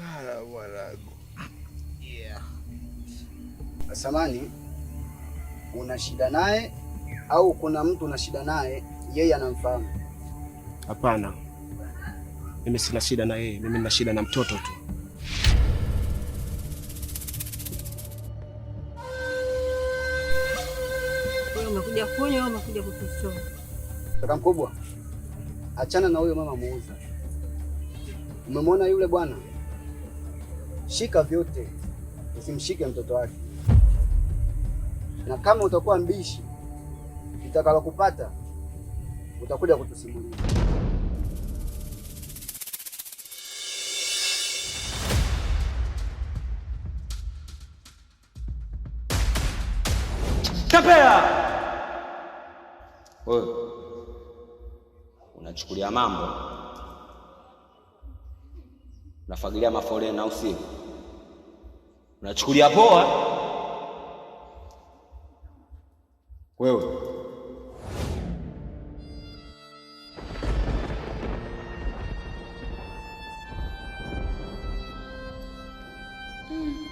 Para Yeah. Samani, una shida naye au kuna mtu una shida naye? Yeye anamfahamu? Hapana, mimi sina shida na yeye, mimi nina shida na mtoto tu. Umekuja kunywa au umekuja Kaka mkubwa, achana na huyo mama muuza. Umemwona yule bwana shika vyote, usimshike mtoto wake, na kama utakuwa mbishi, utakalo kupata utakuja kutusimulia. Chapea wewe, unachukulia mambo, nafagilia maforena au sio? unachukulia poa wewe. Mm.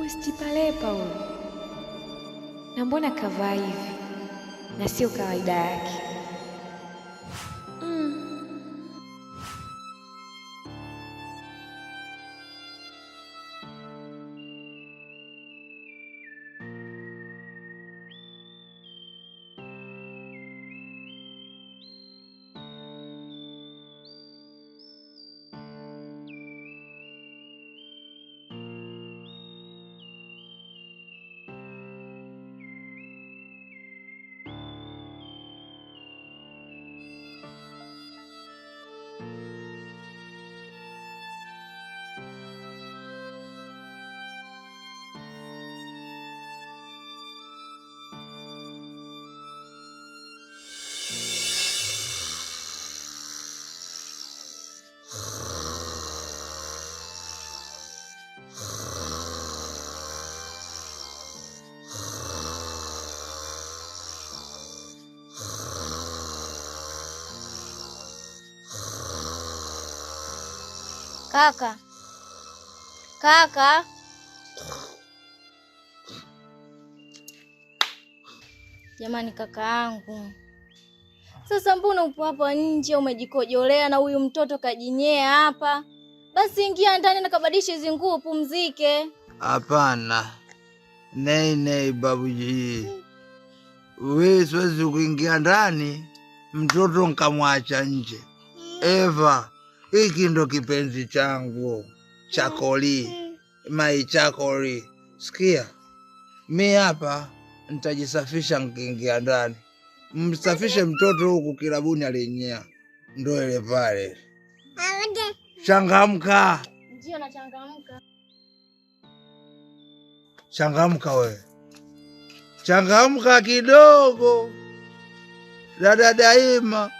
Usitipalepa huyu, na mbona kavaa hivi na sio kawaida yake? Kaka, kaka, jamani, kaka yangu, sasa mbona upo hapa nje umejikojolea na huyu mtoto kajinyea hapa? Basi ingia ndani nakabadilisha hizi nguo pumzike. Hapana nei nei, babuji, we siwezi kuingia ndani mtoto nkamwacha nje. Mm. Eva hiki ndo kipenzi changu chakoli mm. mai chakoli. Sikia, mi hapa ntajisafisha nkiingia ndani, msafishe mtoto huku kilabuni alinyea ndo ile pale. Changamka, changamka we changamka kidogo dada. Daima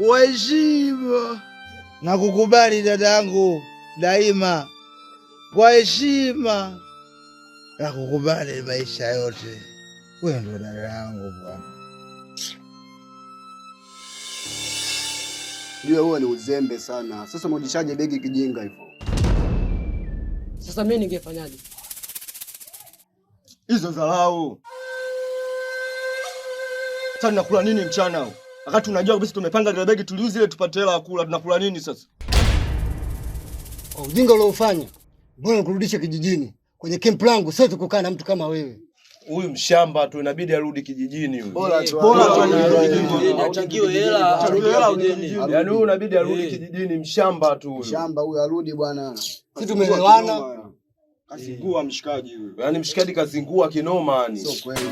waheshima na kukubali dada yangu daima kwa heshima na kukubali maisha yote. Wewe ndo dada yangu bwana. Jua huo ni uzembe sana. Sasa mrudishaje begi kijinga hivyo? Sasa mimi ningefanyaje? Hizo dharau. Sasa nakula nini mchana huu? Wakati unajua kabisa tumepanga ile begi tuliuze ile tupate hela kula, tunakula nini sasa? Kwa ujinga uliofanya, bora nikurudishe kijijini kwenye camp langu, sio tukukaa na mtu kama wewe. Huyu mshamba tu inabidi arudi kijijini huyu. Bora tu. Bora tu arudi kijijini. Atakiwe hela, achangiwe hela ujeni. Yaani huyu inabidi arudi kijijini mshamba tu huyu. Mshamba huyu arudi bwana. Sisi tumeelewana. Kazingua mshikaji huyu. Yaani mshikaji kazingua kinoma yani. Sio kweli.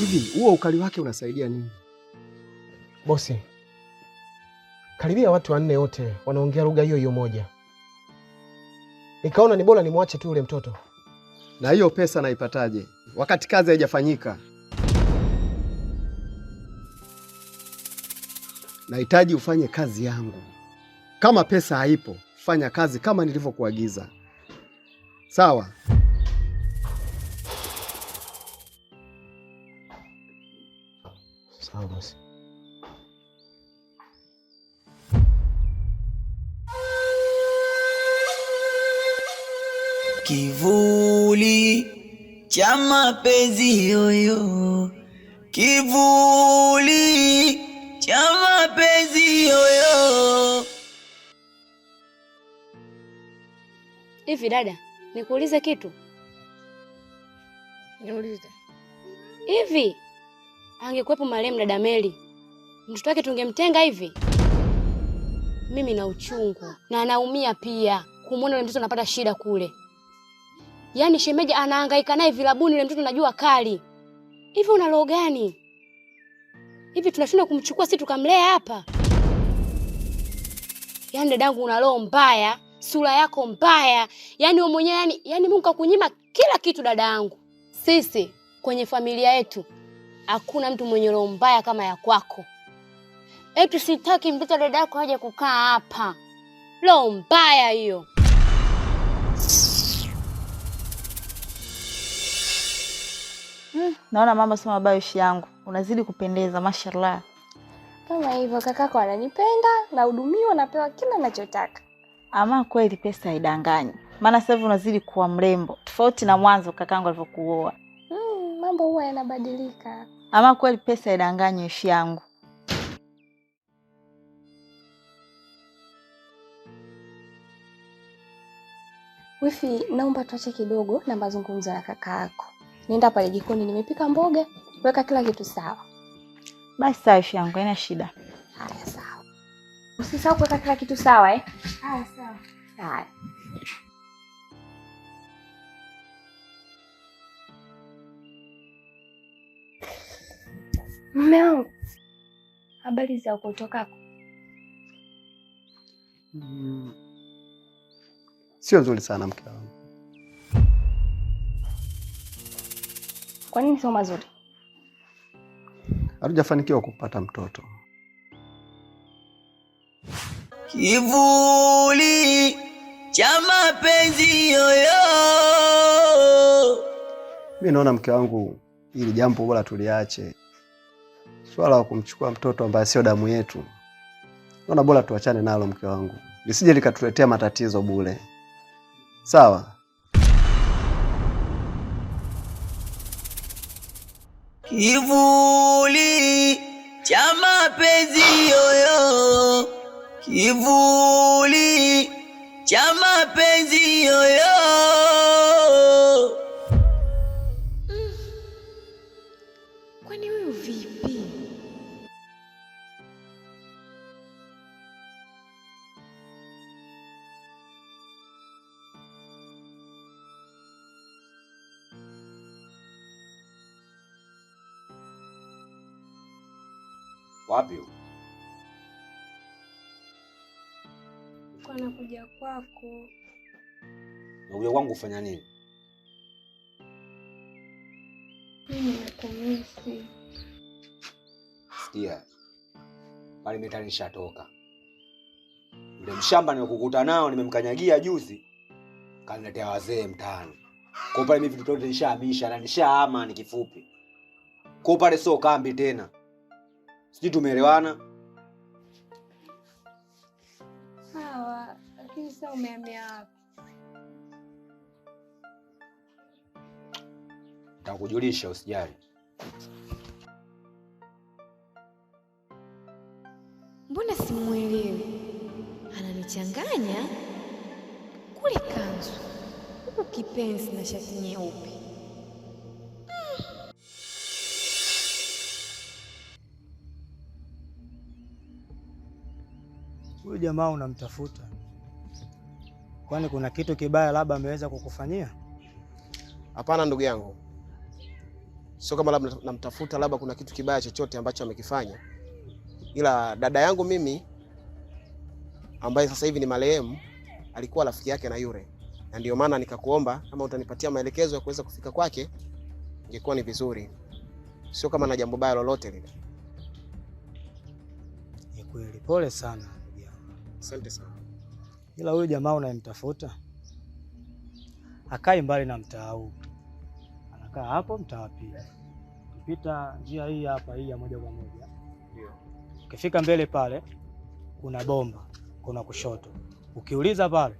Hivi huo ukali wake unasaidia nini? Bosi, karibia watu wanne wote wanaongea lugha hiyo hiyo moja, nikaona ni bora nimwache tu yule mtoto. Na hiyo pesa naipataje wakati kazi haijafanyika? Nahitaji ufanye kazi yangu. Kama pesa haipo, fanya kazi kama nilivyokuagiza. Sawa. Sawa Kivuli cha mapenzi yoyo, kivuli cha mapenzi yoyo. Hivi dada nikuulize kitu? Niulize. Hivi angekuwepo marehemu dada meli mtoto wake tungemtenga hivi? Mimi na uchungu na anaumia pia kumwona yule mtoto anapata shida kule. Yaani shemeji anahangaika naye vilabuni, yule mtoto najua kali hivi. Una roho gani hivi? Tunashindwa kumchukua sisi tukamlea hapa? Yaani dadangu, una roho mbaya sura yako mbaya, yani wewe mwenyewe yani, yani Mungu kakunyima kila kitu dada yangu. Sisi kwenye familia yetu hakuna mtu mwenye roho mbaya kama ya kwako. Eti sitaki mtoto dada yako aje kukaa hapa, roho mbaya hiyo. Hmm, naona mama sema bayoshi yangu unazidi kupendeza mashallah. Kama hivyo kakako ananipenda, nahudumiwa, napewa kila nachotaka ama kweli pesa haidanganyi, maana sasa hivi unazidi kuwa mrembo tofauti na mwanzo kakangu alivyokuoa. Mm, mambo huwa yanabadilika. Ama kweli pesa haidanganyi, ishi yangu. Wifi, naomba tuache kidogo na mazungumzo na kaka yako. Nenda pale jikoni, nimepika mboga, weka kila kitu sawa. Basi sawa, ishi yangu, haina shida. Haya, sawa. Usisahau kuweka kila kitu sawa eh? Ah, sawa. Sawa. Mume wangu, habari za ukotokako? Mm. Sio nzuri sana mke wangu. Kwa nini sio mazuri? Hatujafanikiwa kupata mtoto kivuli cha mapenzi yoyo. Mimi naona mke wangu, ili jambo bora tuliache swala la kumchukua mtoto ambaye sio damu yetu, naona bora tuachane nalo mke wangu, lisije likatuletea matatizo bure. Sawa. Kivuli cha mapenzi kivuli cha mapenzi yoyo. Mm. Kwani wewe vipi? Wapi? anakuja nakuja kwako. Nakuja kwangu kufanya nini? Nimekumisi. Sikia, pale mita nishatoka. Ule mshamba nimekukuta nao, nimemkanyagia juzi, kaniletea wazee mtaani. Kwa pale mimi vitu vyote nishahamisha na nishahama, ni kifupi. Kwa pale sio kambi tena, sijui tumeelewana? kabisa umeamia wapi? Takujulisha, usijali. Mbona simwelewi? Ananichanganya kule kanzu, huku kipenzi na shati nyeupe. Huyu jamaa unamtafuta Kwani kuna kitu kibaya labda ameweza kukufanyia? Hapana ndugu yangu, sio kama labda namtafuta, labda kuna kitu kibaya chochote ambacho amekifanya, ila dada yangu mimi ambaye sasa hivi ni marehemu alikuwa rafiki yake na yule, na ndio maana nikakuomba kama utanipatia maelekezo ya kuweza kufika kwake, ingekuwa ni vizuri. Sio kama na jambo baya lolote lile. Ni kweli, pole sana. Asante sana ila huyu jamaa unayemtafuta akai mbali na mtaa huu, anakaa hapo mtaa wa pili. Ukipita njia hii hapa hii ya moja kwa moja, ukifika mbele pale kuna bomba, kuna kushoto, ukiuliza pale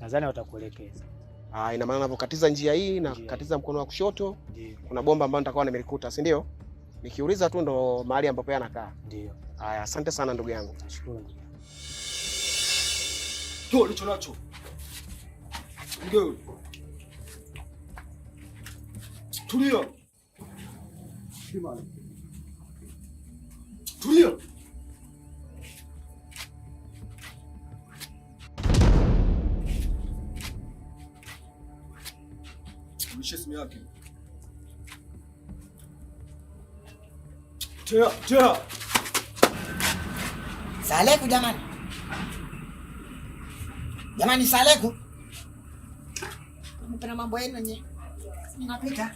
nadhani watakuelekeza. Ah, ina maana unapokatiza njia hii na njia katiza mkono wa kushoto Ndiyo. kuna bomba ambayo nitakuwa nimelikuta, si ndio? Nikiuliza tu ndo mahali ambapo yeye anakaa. Ndio. Haya, asante sana ndugu yangu. Nashukuru. 또 얼른 전화 쳐. 이게 둘이야. 둘이야. 미치겠으면 할게. 저야, 저야. 살래 구자만. Jamani, salamu. Kuna mambo yenu yenyewe. Ninapita.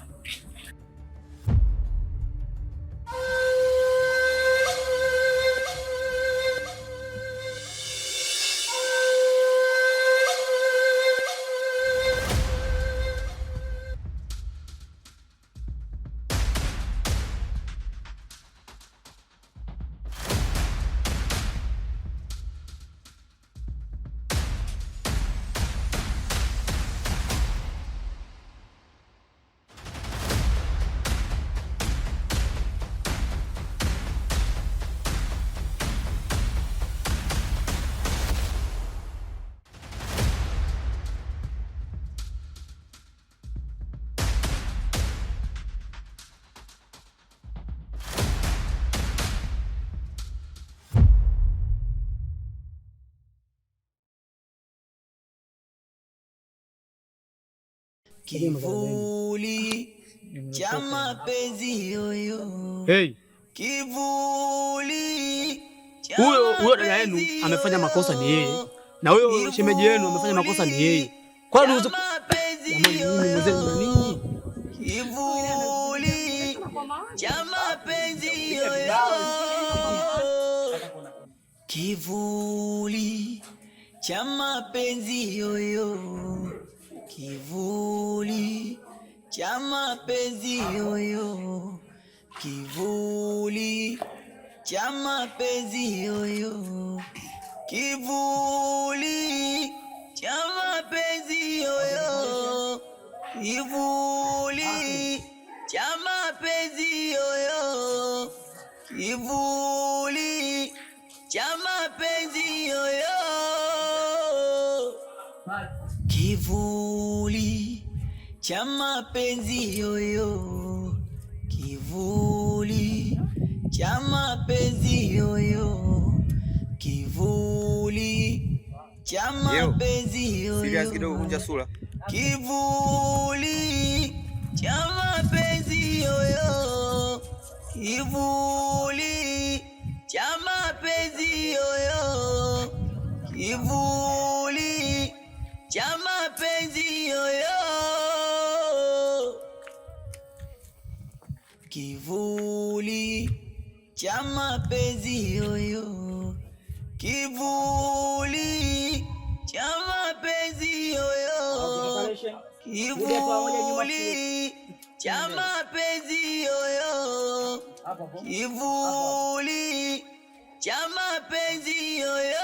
kivuli cha mapenzi yoyo, hey. Kivuli huyo huyo dada yenu amefanya makosa ni yeye, na huyo shemeji yenu amefanya makosa ni yeye. Kwa kivuli cha mapenzi yoyo, kivuli cha mapenzi yoyo Kivuli cha mapenzi yoyo, kivuli cha mapenzi yoyo, kivuli cha mapenzi yoyo, kivuli cha mapenzi yoyo, kivuli cha mapenzi yoyo, kivuli cha mapenzi yoyo, kivuli cha mapenzi yoyo, kivuli cha mapenzi yoyo, kivuli cha mapenzi yoyo, kivuli cha mapenzi yoyo Kivuli cha mapenzi yoyo, kivuli cha mapenzi yoyo, kivuli cha mapenzi yoyo, kivuli cha mapenzi yoyo